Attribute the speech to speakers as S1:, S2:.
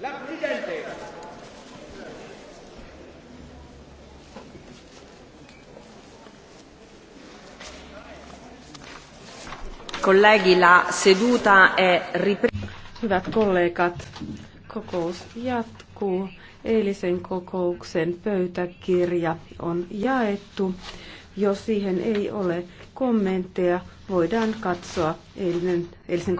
S1: La Presidente.
S2: Colleghi, la
S3: seduta è ripresa. Hyvät kollegat, kokous jatkuu. Eilisen kokouksen pöytäkirja on jaettu. Jos siihen ei ole kommentteja, voidaan katsoa eilinen,
S4: eilisen